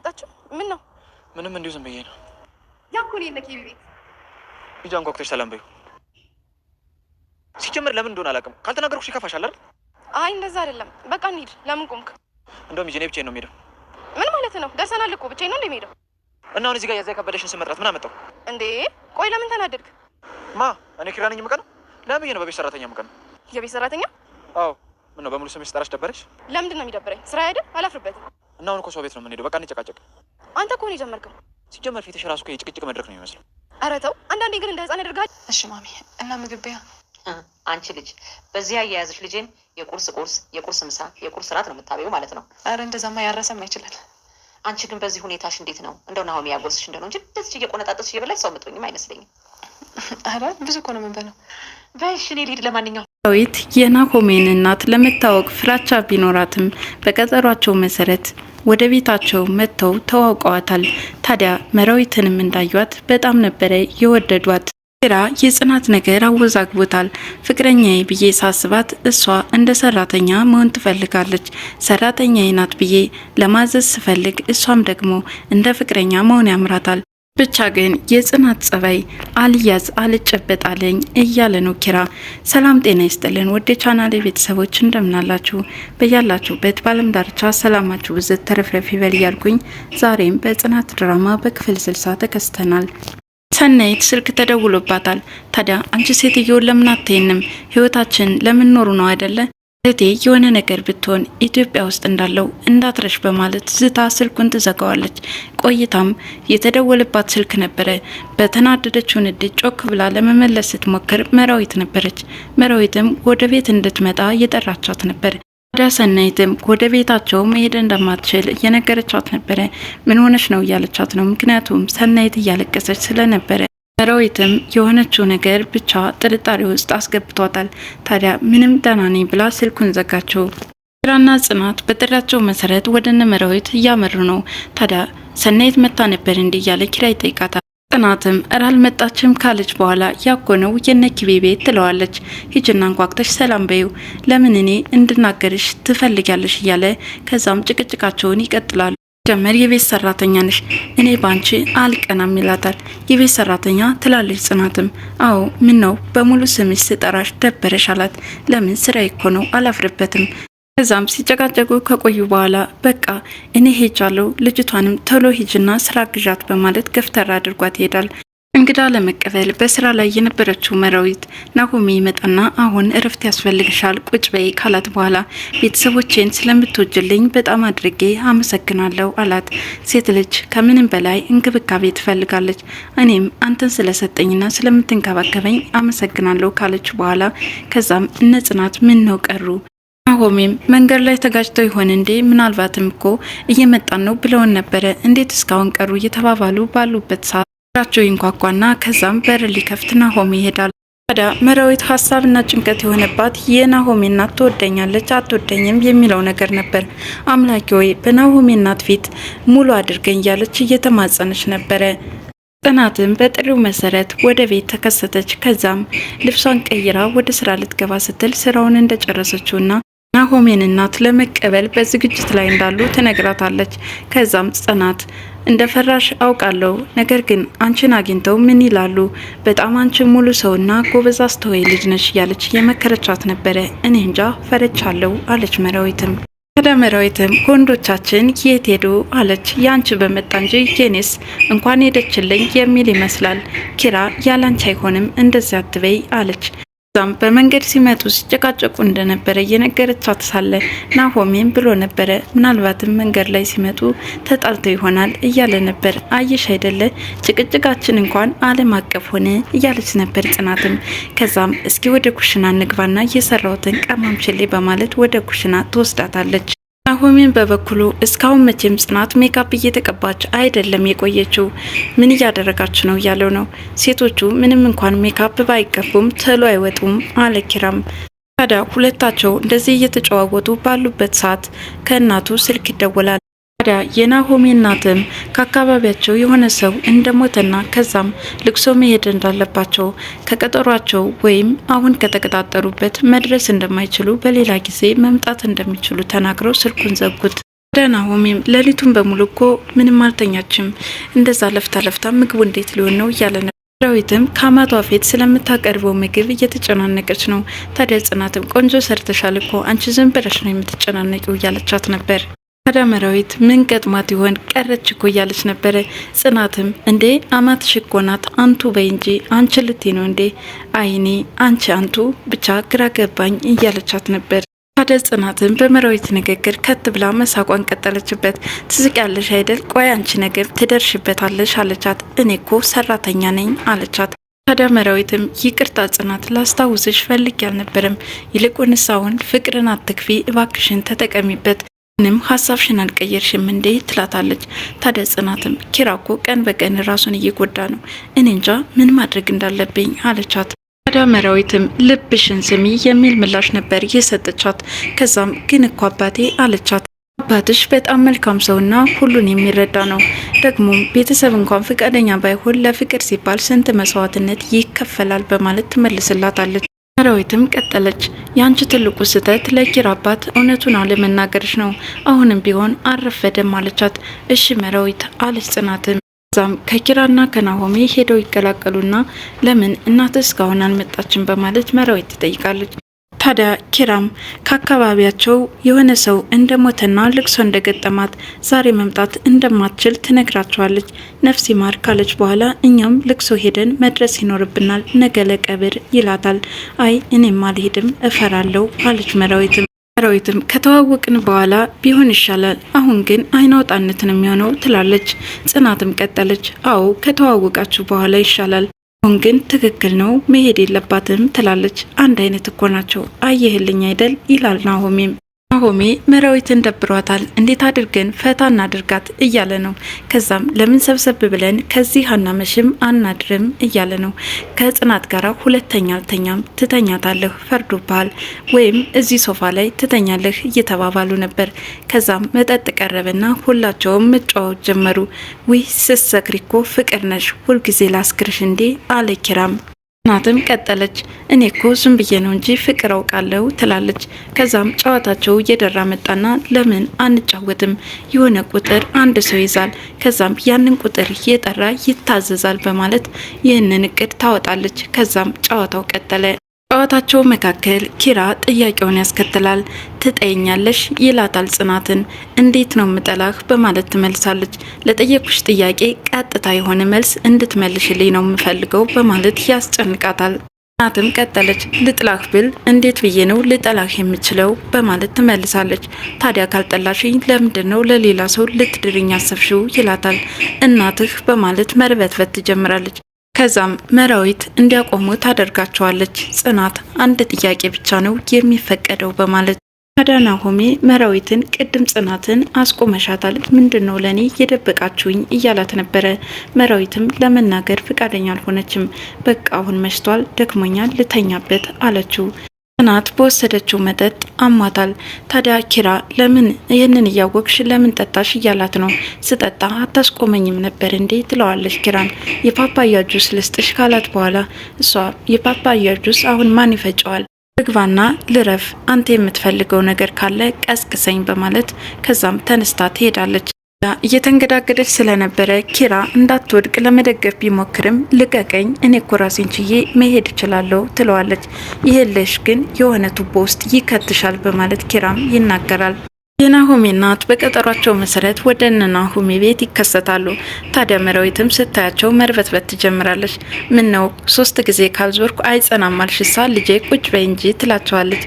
አልመጣችም? ምን ነው? ምንም እንዲሁ ዝም ብዬ ነው። ያኮኔ ነ ኬቢ ቤት ሂጂ፣ አንኳኩተሽ ሰላም በይው። ሲጀምር ለምን እንደሆነ አላውቅም። ካልተናገርኩሽ ይከፋሻል አይደል? አይ እንደዛ አይደለም። በቃ እንሂድ። ለምን ቆምክ? እንደውም ሂጂ፣ እኔ ብቻዬን ነው የምሄደው። ምን ማለት ነው? ደርሰናል እኮ ብቻዬን ነው እንደ የምሄደው። እና አሁን እዚህ ጋር የዛ የከበደሽን ስመጥራት ምን አመጣው እንዴ? ቆይ ለምን ተናደድክ? ማ እኔ ኪራ ነኝ የምቀነው? ለምን ብዬሽ ነው በቤት ሰራተኛ የምቀነው? የቤት ሰራተኛ? አዎ። ምን ነው በሙሉ ስምሽ ስጠራሽ ደበረሽ? ለምንድን ነው የሚደብረኝ? ስራ አይደል? አላፍርበትም እና አሁን እኮ ሰው ቤት ነው የምንሄደው። በቃ እንጨቃጨቅ። አንተ እኮ ነው የጀመርከው። ሲጀመር ፊትሽ ራሱ እኮ የጭቅጭቅ መድረክ ነው የሚመስለው። ኧረ ተው፣ አንዳንዴ ግን እንደ ህፃን ያደርጋል። እሺ ማሚ፣ እና ምግብ ቤያ አንቺ ልጅ በዚህ አያያዝሽ ልጄን የቁርስ ቁርስ የቁርስ ምሳ የቁርስ እራት ነው የምታበይው ማለት ነው። ኧረ እንደዛማ ያረሰም አይችላል። አንቺ ግን በዚህ ሁኔታሽ እንዴት ነው እንደው ናሆሚ ያጎርስሽ እንደሆነ እንጂ ደስ እየቆነጣጠስሽ እየበላሽ ሰው ምጥኝም አይመስለኝም። ኧረ ብዙ እኮ ነው የምንበለው። በሽ እኔ ልሂድ ለማንኛውም ዳዊት የናሆሜን እናት ለመታወቅ ፍራቻ ቢኖራትም በቀጠሯቸው መሰረት ወደ ቤታቸው መጥተው ተዋውቀዋታል። ታዲያ መራዊትንም እንዳዩት በጣም ነበረ የወደዷት። ራ የጽናት ነገር አወዛግቦታል። ፍቅረኛዬ ብዬ ሳስባት እሷ እንደ ሰራተኛ መሆን ትፈልጋለች። ሰራተኛዬ ናት ብዬ ለማዘዝ ስፈልግ እሷም ደግሞ እንደ ፍቅረኛ መሆን ያምራታል። ብቻ ግን የጽናት ጸባይ አልያዝ አልጨበጣለኝ እያለ ነው ኪራ። ሰላም ጤና ይስጥልን ወደ ቻናሌ ቤተሰቦች እንደምናላችሁ በያላችሁበት በአለም ዳርቻ ሰላማችሁ ብዝት ተረፍረፍ ይበል እያልኩኝ ዛሬም በጽናት ድራማ በክፍል ስልሳ ተከስተናል። ሰናይት ስልክ ተደውሎባታል። ታዲያ አንቺ ሴትዮ ለምን አትይንም? ህይወታችን ለምን ኖሩ ነው አይደለ? እህቴ የሆነ ነገር ብትሆን ኢትዮጵያ ውስጥ እንዳለው እንዳትረሽ በማለት ዝታ ስልኩን ትዘጋዋለች። ቆይታም የተደወለባት ስልክ ነበረ። በተናደደችው ንዴት ጮክ ብላ ለመመለስ ስትሞክር መራዊት ነበረች። መራዊትም ወደ ቤት እንድትመጣ እየጠራቻት ነበር። ታዲያ ሰናይትም ወደ ቤታቸው መሄድ እንደማትችል እየነገረቻት ነበረ። ምን ሆነች ነው እያለቻት ነው። ምክንያቱም ሰናይት እያለቀሰች ስለነበረ መራዊትም የሆነችው ነገር ብቻ ጥርጣሬ ውስጥ አስገብቷታል። ታዲያ ምንም ደህና ነኝ ብላ ስልኩን ዘጋቸው። ኪራና ጽናት በጥሪያቸው መሰረት ወደ እነ መራዊት እያመሩ ነው። ታዲያ ሰናይት መታ ነበር እንዲህ እያለ ኪራ ይጠይቃታል። ጽናትም እራል መጣችም ካለች በኋላ ያኮነው የነኪቤ ቤት ትለዋለች። ሂጅና አንኳኩተሽ ሰላም በይው፣ ለምን እኔ እንድናገርሽ ትፈልጊያለሽ እያለ ከዛም ጭቅጭቃቸውን ይቀጥላሉ። ሲጀመር የቤት ሰራተኛ ነሽ፣ እኔ ባንቺ አልቀናም ይላታል። የቤት ሰራተኛ ትላለች ጽናትም። አዎ ምን ነው በሙሉ ስምሽ ስጠራሽ ደበረሽ አላት። ለምን ስራ እኮ ነው አላፍርበትም። ከዛም ሲጨቃጨቁ ከቆዩ በኋላ በቃ እኔ ሄጃለሁ፣ ልጅቷንም ቶሎ ሂጅና ስራ ግዣት በማለት ገፍተራ አድርጓት ይሄዳል። እንግዳ ለመቀበል በስራ ላይ የነበረችው መራዊት ናሆሜ ይመጣና አሁን እረፍት ያስፈልግሻል ቁጭ በይ ካላት በኋላ ቤተሰቦቼን ስለምትወጅልኝ በጣም አድርጌ አመሰግናለሁ አላት። ሴት ልጅ ከምንም በላይ እንክብካቤ ትፈልጋለች። እኔም አንተን ስለሰጠኝና ስለምትንከባከበኝ አመሰግናለሁ ካለች በኋላ ከዛም እነ ጽናት ምን ነው ቀሩ ናሆሚም መንገድ ላይ ተጋጭተው ይሆን እንዴ? ምናልባትም እኮ እየመጣን ነው ብለውን ነበረ። እንዴት እስካሁን ቀሩ? እየተባባሉ ባሉበት ሰዓት ራቸው ይንኳኳና ከዛም በር ሊከፍት ናሆሚ ይሄዳል። ታዲያ መራዊት ሀሳብና ጭንቀት የሆነባት የናሆሚ እናት ትወደኛለች አትወደኝም የሚለው ነገር ነበር። አምላኪ ወይ በናሆሚ እናት ፊት ሙሉ አድርገኝ እያለች እየተማጸነች ነበረ። ጽናትም በጥሪው መሰረት ወደ ቤት ተከሰተች። ከዛም ልብሷን ቀይራ ወደ ስራ ልትገባ ስትል ስራውን እንደጨረሰችውና ናሆሜን እናት ለመቀበል በዝግጅት ላይ እንዳሉ ትነግራታለች። ከዛም ጽናት እንደ ፈራሽ አውቃለሁ፣ ነገር ግን አንቺን አግኝተው ምን ይላሉ? በጣም አንቺ ሙሉ ሰውና ጎበዝ አስተዋይ ልጅ ነች እያለች የመከረቻት ነበረ። እኔ እንጃ ፈረቻለሁ አለች መራዊትም። ከደመራዊትም መራዊትም ከወንዶቻችን የት ሄዱ አለች። የአንቺ በመጣ እንጂ የኔስ እንኳን ሄደችልኝ የሚል ይመስላል። ኪራ ያላንቺ አይሆንም እንደዚያ አትበይ አለች። እዛም በመንገድ ሲመጡ ሲጨቃጨቁ እንደነበረ እየነገረቻት ሳለ ናሆሜም ብሎ ነበረ። ምናልባትም መንገድ ላይ ሲመጡ ተጣልተው ይሆናል እያለ ነበር። አየሽ አይደለ ጭቅጭቃችን እንኳን ዓለም አቀፍ ሆነ እያለች ነበር ጽናትም። ከዛም እስኪ ወደ ኩሽና ንግባና እየሰራሁትን ቀማምችሌ በማለት ወደ ኩሽና ትወስዳታለች። ናሆምን በበኩሉ እስካሁን መቼም ጽናት ሜካፕ እየተቀባች አይደለም የቆየችው፣ ምን እያደረጋች ነው እያለው ነው። ሴቶቹ ምንም እንኳን ሜካፕ ባይቀቡም ተሎ አይወጡም አለ ኪራም። ታዲያ ሁለታቸው እንደዚህ እየተጨዋወቱ ባሉበት ሰዓት ከእናቱ ስልክ ይደወላል። ታዲያ የናሆሜ እናትም ከአካባቢያቸው የሆነ ሰው እንደሞተና ከዛም ልቅሶ መሄድ እንዳለባቸው ከቀጠሯቸው ወይም አሁን ከተቀጣጠሩበት መድረስ እንደማይችሉ በሌላ ጊዜ መምጣት እንደሚችሉ ተናግረው ስልኩን ዘጉት። ታዲያ ናሆሜም ሌሊቱን በሙሉ እኮ ምንም አልተኛችም፣ እንደዛ ለፍታ ለፍታ ምግቡ እንዴት ሊሆን ነው እያለ ነው። ዳዊትም ከአማቷ ፊት ስለምታቀርበው ምግብ እየተጨናነቀች ነው። ታዲያ ጽናትም ቆንጆ ሰርተሻል እኮ አንቺ ዝም ብለሽ ነው የምትጨናነቂው እያለቻት ነበር። ታዲያ መራዊት ምን ገጥማት ይሆን? ቀረች እኮ እያለች ነበረ። ጽናትም እንዴ አማት ሽኮናት ናት አንቱ በይ እንጂ አንቺ ልቴ ነው እንዴ? አይኔ አንቺ አንቱ ብቻ ግራ ገባኝ እያለቻት ነበር። ታዲያ ጽናትም በመራዊት ንግግር ከት ብላ መሳቋን ቀጠለችበት። ትስቂያለሽ አይደል? ቆይ አንቺ ነገር ትደርሽበታለሽ አለቻት። እኔ እኮ ሰራተኛ ነኝ አለቻት። ታዲያ መራዊትም ይቅርታ ጽናት ላስታውስሽ ፈልጌ አልነበረም። ይልቁንስ አሁን ፍቅርን አትክፊ እባክሽን ተጠቀሚበት ንም ሀሳብሽን አልቀየርሽም እንዴ ትላታለች። ታዲያ ጽናትም ኪራኮ ቀን በቀን ራሱን እየጎዳ ነው፣ እኔ እንጃ ምን ማድረግ እንዳለብኝ አለቻት። ታዲያ መራዊትም ልብሽን ስሚ የሚል ምላሽ ነበር የሰጠቻት። ከዛም ግን እኮ አባቴ አለቻት። አባትሽ በጣም መልካም ሰውና ሁሉን የሚረዳ ነው። ደግሞም ቤተሰብ እንኳን ፍቃደኛ ባይሆን ለፍቅር ሲባል ስንት መስዋዕትነት ይከፈላል በማለት ትመልስላታለች። መራዊትም ቀጠለች። የአንቺ ትልቁ ስህተት ለኪራ አባት እውነቱን አለመናገርሽ ነው። አሁንም ቢሆን አረፈደም አለቻት። እሺ መራዊት አለች ጽናትም። ዛም ከኪራና ከናሆሜ ሄደው ይቀላቀሉና ለምን እናት እስካሁን አልመጣችም በማለት መራዊት ትጠይቃለች። ታዲያ ኪራም ከአካባቢያቸው የሆነ ሰው እንደሞተና ልቅሶ እንደገጠማት ዛሬ መምጣት እንደማትችል ትነግራቸዋለች። ነፍሲ ማር ካለች በኋላ እኛም ልቅሶ ሄደን መድረስ ይኖርብናል ነገ ለቀብር ይላታል። አይ እኔም አልሄድም እፈራለሁ አለች መራዊትም ሰራዊትም ከተዋወቅን በኋላ ቢሆን ይሻላል። አሁን ግን አይናውጣነት ነው የሚሆነው ትላለች። ጽናትም ቀጠለች፣ አዎ ከተዋወቃችሁ በኋላ ይሻላል። አሁን ግን ትክክል ነው መሄድ የለባትም ትላለች። አንድ አይነት እኮ ናቸው አየህልኝ አይደል ይላል ናሆሜም ናሆሜ መራዊትን ደብሯታል፣ እንዴት አድርገን ፈታ እናድርጋት እያለ ነው። ከዛም ለምን ሰብሰብ ብለን ከዚህ አናመሽም አናድርም እያለ ነው። ከጽናት ጋር ሁለተኛ አልተኛም፣ ትተኛታለህ፣ ፈርዶብሃል፣ ወይም እዚህ ሶፋ ላይ ትተኛለህ እየተባባሉ ነበር። ከዛም መጠጥ ቀረበና ሁላቸውም መጫወት ጀመሩ። ዊ ስትሰክሪ እኮ ፍቅር ነሽ፣ ሁልጊዜ ላስክርሽ እንዴ አለ ኪራም። ናትም ቀጠለች። እኔ እኮ ዝም ብዬ ነው እንጂ ፍቅር አውቃለሁ ትላለች። ከዛም ጨዋታቸው እየደራ መጣና ለምን አንጫወትም? የሆነ ቁጥር አንድ ሰው ይዛል። ከዛም ያንን ቁጥር እየጠራ ይታዘዛል በማለት ይህንን እቅድ ታወጣለች። ከዛም ጨዋታው ቀጠለ። ጨዋታቸው መካከል ኪራ ጥያቄውን ያስከትላል። ትጠይኛለሽ ይላታል ጽናትን። እንዴት ነው ምጠላህ በማለት ትመልሳለች። ለጠየኩሽ ጥያቄ ቀጥታ የሆነ መልስ እንድትመልሽልኝ ነው የምፈልገው በማለት ያስጨንቃታል። ጽናትም ቀጠለች። ልጥላህ ብል እንዴት ብዬ ነው ልጠላህ የምችለው በማለት ትመልሳለች። ታዲያ ካልጠላሽኝ ለምንድን ነው ለሌላ ሰው ልትድርኝ አሰብሽው ይላታል። እናትህ በማለት መርበትበት ትጀምራለች። ከዛም መራዊት እንዲያቆሙ ታደርጋቸዋለች። ጽናት አንድ ጥያቄ ብቻ ነው የሚፈቀደው በማለት ታዲያ ሆሜ መራዊትን ቅድም ጽናትን አስቆመሻታል፣ ምንድን ነው ለእኔ የደበቃችሁኝ እያላት ነበረ። መራዊትም ለመናገር ፈቃደኛ አልሆነችም። በቃ አሁን መሽቷል፣ ደክሞኛል፣ ልተኛበት አለችው። ጽናት በወሰደችው መጠጥ አሟታል። ታዲያ ኪራ ለምን ይህንን እያወቅሽ ለምን ጠጣሽ እያላት ነው። ስጠጣ አታስቆመኝም ነበር እንዴ ትለዋለች። ኪራን የፓፓያ ጁስ ልስጥሽ ካላት በኋላ እሷ የፓፓያ ጁስ አሁን ማን ይፈጨዋል? ርግባና ልረፍ፣ አንተ የምትፈልገው ነገር ካለ ቀስቅሰኝ በማለት ከዛም ተነስታ ትሄዳለች። እየተንገዳገደች ስለነበረ ኪራ እንዳትወድቅ ለመደገፍ ቢሞክርም ልቀቀኝ፣ እኔ እኮ ራሴን ችዬ መሄድ እችላለሁ ትለዋለች። ይሄለሽ ግን የሆነ ቱቦ ውስጥ ይከትሻል በማለት ኪራም ይናገራል። የናሆሜ እናት በቀጠሯቸው መሰረት ወደ እነ ናሆሜ ቤት ይከሰታሉ። ታዲያ መራዊትም ስታያቸው መርበትበት ትጀምራለች። ምን ነው ሶስት ጊዜ ካልዞርኩ አይጸናም አልሽሳ ልጄ ቁጭ በይ እንጂ ትላቸዋለች።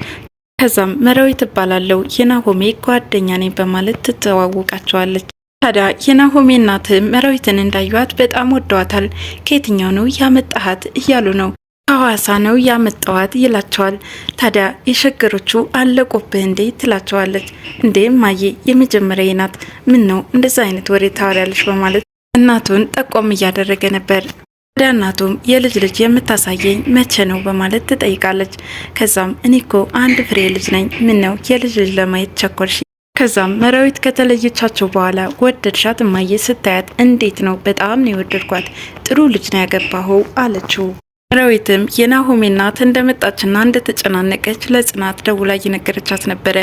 ከዛም መራዊት እባላለሁ የናሆሜ ጓደኛ ነኝ በማለት ትተዋወቃቸዋለች። ታዲያ የናሆሜ እናትም መራዊትን እንዳዩዋት በጣም ወደዋታል። ከየትኛው ነው ያመጣሃት እያሉ ነው። ከሐዋሳ ነው ያመጣዋት ይላቸዋል። ታዲያ የሸገሮቹ አለቆብህ እንዴ ትላቸዋለች። እንዴ ማዬ የመጀመሪያ ናት፣ ምን ነው እንደዛ አይነት ወሬ ታወሪያለች? በማለት እናቱን ጠቆም እያደረገ ነበር። ወደ እናቱም የልጅ ልጅ የምታሳየኝ መቼ ነው በማለት ትጠይቃለች። ከዛም እኔኮ አንድ ፍሬ ልጅ ነኝ፣ ምን ነው የልጅ ልጅ ለማየት ቸኮልሽ ከዛም መራዊት ከተለየቻቸው በኋላ ወደድሻት እማዬ ስታያት እንዴት ነው በጣም ነው የወደድኳት ጥሩ ልጅ ነው ያገባኸው አለችው መራዊትም የናሆሜ እናት እንደመጣችና እንደተጨናነቀች ለጽናት ደውላ እየነገረቻት ነበረ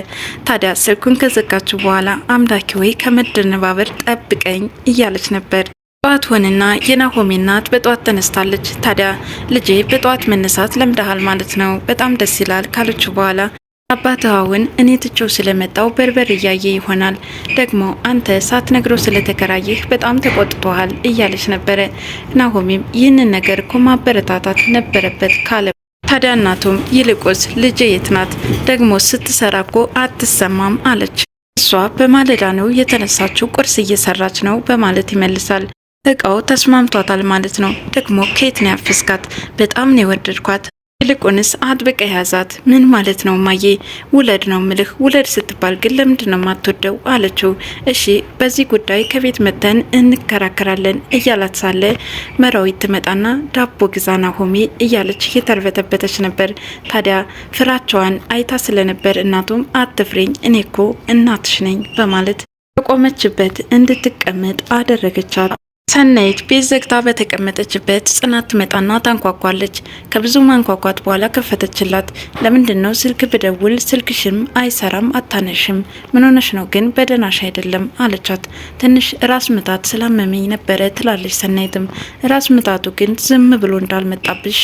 ታዲያ ስልኩን ከዘጋችሁ በኋላ አምላኪ ወይ ከመደነባበር ጠብቀኝ እያለች ነበር ጠዋት ሆንና የናሆሜ እናት በጠዋት ተነስታለች ታዲያ ልጄ በጠዋት መነሳት ለምደሃል ማለት ነው በጣም ደስ ይላል ካለችው በኋላ አሁን እኔ ትቼው ስለመጣው በርበር እያየ ይሆናል ደግሞ አንተ ነግሮ ስለተከራየህ በጣም ተቆጥቶሃል እያለች ነበረ። ናሆሚም ይህንን ነገር እኮ ማበረታታት ነበረበት ካለ ታዲያ እናቱም ይልቁስ ልጄ የት ናት ደግሞ ስትሰራ እኮ አትሰማም አለች። እሷ በማለዳ ነው የተነሳችው ቁርስ እየሰራች ነው በማለት ይመልሳል። እቃው ተስማምቷታል ማለት ነው። ደግሞ ከየት ነው ያፈስካት? በጣም ነው የወደድኳት ይልቁንስ አጥብቀ ያዛት። ምን ማለት ነው ማዬ? ውለድ ነው ምልህ። ውለድ ስትባል ግን ለምንድን ነው ማትወደው አለችው። እሺ በዚህ ጉዳይ ከቤት መጥተን እንከራከራለን እያላት ሳለ መራዊት ትመጣና ዳቦ ግዛና ሆሜ እያለች እየተርበተበተች ነበር። ታዲያ ፍራቸዋን አይታ ስለነበር እናቱም አትፍሬኝ፣ እኔ እኮ እናትሽ ነኝ በማለት በቆመችበት እንድትቀመጥ አደረገቻት። ሰናይት ቤት ዘግታ በተቀመጠችበት ጽናት ትመጣና ታንኳኳለች። ከብዙ ማንኳኳት በኋላ ከፈተችላት። ለምንድን ነው ስልክ ብደውል ስልክሽም አይሰራም አታነሽም? ምን ሆነሽ ነው ግን በደናሽ አይደለም አለቻት። ትንሽ ራስ ምታት ስላመመኝ ነበረ ትላለች። ሰናይትም ራስ ምታቱ ግን ዝም ብሎ እንዳልመጣብሽ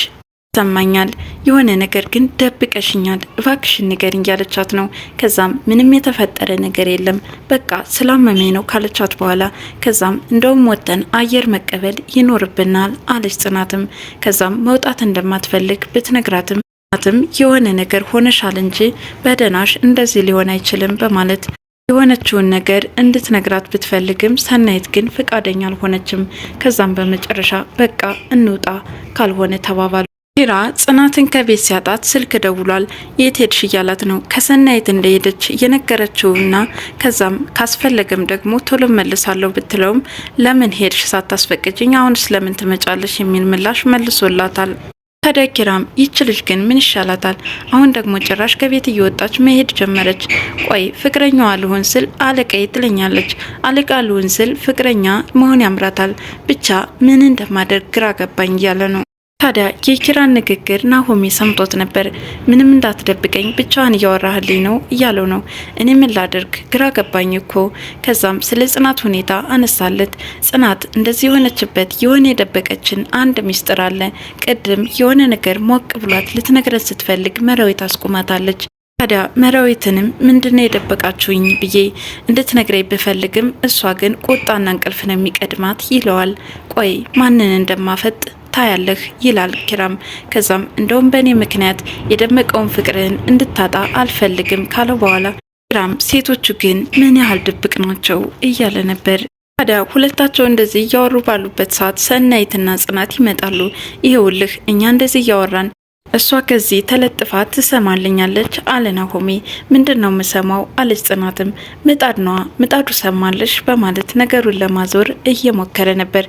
ይሰማኛል የሆነ ነገር ግን ደብቀሽኛል፣ እባክሽን ንገሪኝ እያለቻት ነው። ከዛም ምንም የተፈጠረ ነገር የለም በቃ ስላመመኝ ነው ካለቻት በኋላ ከዛም እንደውም ወጠን አየር መቀበል ይኖርብናል አለች ጽናትም። ከዛም መውጣት እንደማትፈልግ ብትነግራትም ጽናትም የሆነ ነገር ሆነሻል እንጂ በደናሽ እንደዚህ ሊሆን አይችልም በማለት የሆነችውን ነገር እንድትነግራት ብትፈልግም ሰናይት ግን ፍቃደኛ አልሆነችም። ከዛም በመጨረሻ በቃ እንውጣ ካልሆነ ተባባሉ። ኪራ ጽናትን ከቤት ሲያጣት ስልክ ደውሏል። የት ሄድሽ እያላት ነው። ከሰናይት እንደሄደች የነገረችውና ከዛም ካስፈለገም ደግሞ ቶሎ መልሳለሁ ብትለውም ለምን ሄድሽ ሳታስፈቅጅኝ አሁን ስለምን ትመጫለሽ የሚል ምላሽ መልሶላታል። ታዲያ ኪራም ይች ልጅ ግን ምን ይሻላታል? አሁን ደግሞ ጭራሽ ከቤት እየወጣች መሄድ ጀመረች። ቆይ ፍቅረኛ ልሆን ስል አለቃዬ ትለኛለች፣ አለቃ አልሆን ስል ፍቅረኛ መሆን ያምራታል። ብቻ ምን እንደማደርግ ግራ ገባኝ እያለ ነው ታዲያ የኪራን ንግግር ናሆሜ ሰምቶት ነበር። ምንም እንዳትደብቀኝ ብቻዋን እያወራህልኝ ነው እያለው ነው። እኔ ምን ላድርግ ግራ ገባኝ እኮ። ከዛም ስለ ጽናት ሁኔታ አነሳለት። ጽናት እንደዚህ የሆነችበት የሆነ የደበቀችን አንድ ሚስጥር አለ። ቅድም የሆነ ነገር ሞቅ ብሏት ልትነግረን ስትፈልግ መራዊት አስቁማታለች። ታዲያ መራዊትንም ምንድነው የደበቃችሁኝ ብዬ እንድትነግረኝ ብፈልግም እሷ ግን ቁጣና እንቅልፍ ነው የሚቀድማት ይለዋል። ቆይ ማንን እንደማፈጥ ታያለህ ይላል ኪራም። ከዛም እንደውም በእኔ ምክንያት የደመቀውን ፍቅርህን እንድታጣ አልፈልግም ካለው በኋላ ኪራም ሴቶቹ ግን ምን ያህል ድብቅ ናቸው እያለ ነበር። ታዲያ ሁለታቸው እንደዚህ እያወሩ ባሉበት ሰዓት ሰናይትና ጽናት ይመጣሉ። ይሄውልህ እኛ እንደዚህ እያወራን እሷ ከዚህ ተለጥፋ ትሰማልኛለች አለ ናሆሜ። ምንድን ነው የምሰማው አለች ጽናትም። ምጣድ ነዋ ምጣዱ ሰማለሽ በማለት ነገሩን ለማዞር እየሞከረ ነበር።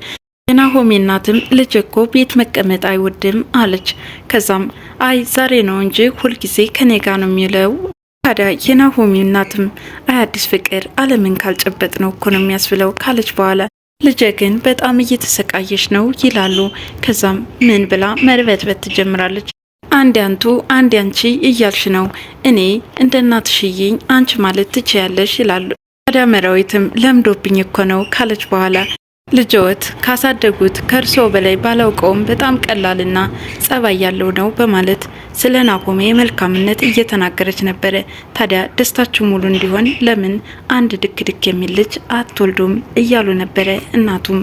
የናሆሚ እናትም ልጅ እኮ ቤት መቀመጥ አይወድም አለች። ከዛም አይ ዛሬ ነው እንጂ ሁልጊዜ ከኔ ጋር ነው የሚለው። ታዲያ የናሆሜ እናትም አይ አዲስ ፍቅር አለምን ካልጨበጥ ነው እኮ ነው የሚያስብለው ካለች በኋላ ልጄ ግን በጣም እየተሰቃየች ነው ይላሉ። ከዛም ምን ብላ መርበትበት ትጀምራለች። አንድ አንቱ አንድ አንቺ እያልሽ ነው እኔ እንደ እናትሽይኝ አንቺ ማለት ትችያለሽ ይላሉ። ታዲያ መራዊትም ለምዶብኝ እኮ ነው ካለች በኋላ ልጆት ካሳደጉት ከእርስዎ በላይ ባላውቀውም በጣም ቀላልና ጸባይ ያለው ነው በማለት ስለ ናሆሜ መልካምነት እየተናገረች ነበረ። ታዲያ ደስታችሁ ሙሉ እንዲሆን ለምን አንድ ድክ ድክ የሚል ልጅ አትወልዱም እያሉ ነበረ እናቱም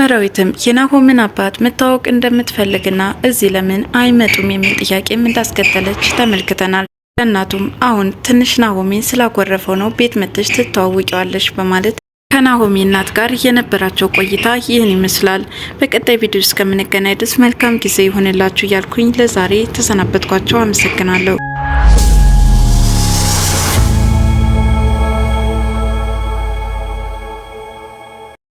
መራዊትም የናሆምን አባት መታወቅ እንደምትፈልግና እዚህ ለምን አይመጡም የሚል ጥያቄም እንዳስከተለች ተመልክተናል። እናቱም አሁን ትንሽ ናሆሜ ስላኮረፈው ነው ቤት መጥተሽ ትተዋውቂዋለሽ በማለት ከናሆሚ እናት ጋር የነበራቸው ቆይታ ይህን ይመስላል። በቀጣይ ቪዲዮ እስከምንገናኝ ድረስ መልካም ጊዜ ይሆንላችሁ እያልኩኝ ለዛሬ ተሰናበትኳቸው። አመሰግናለሁ።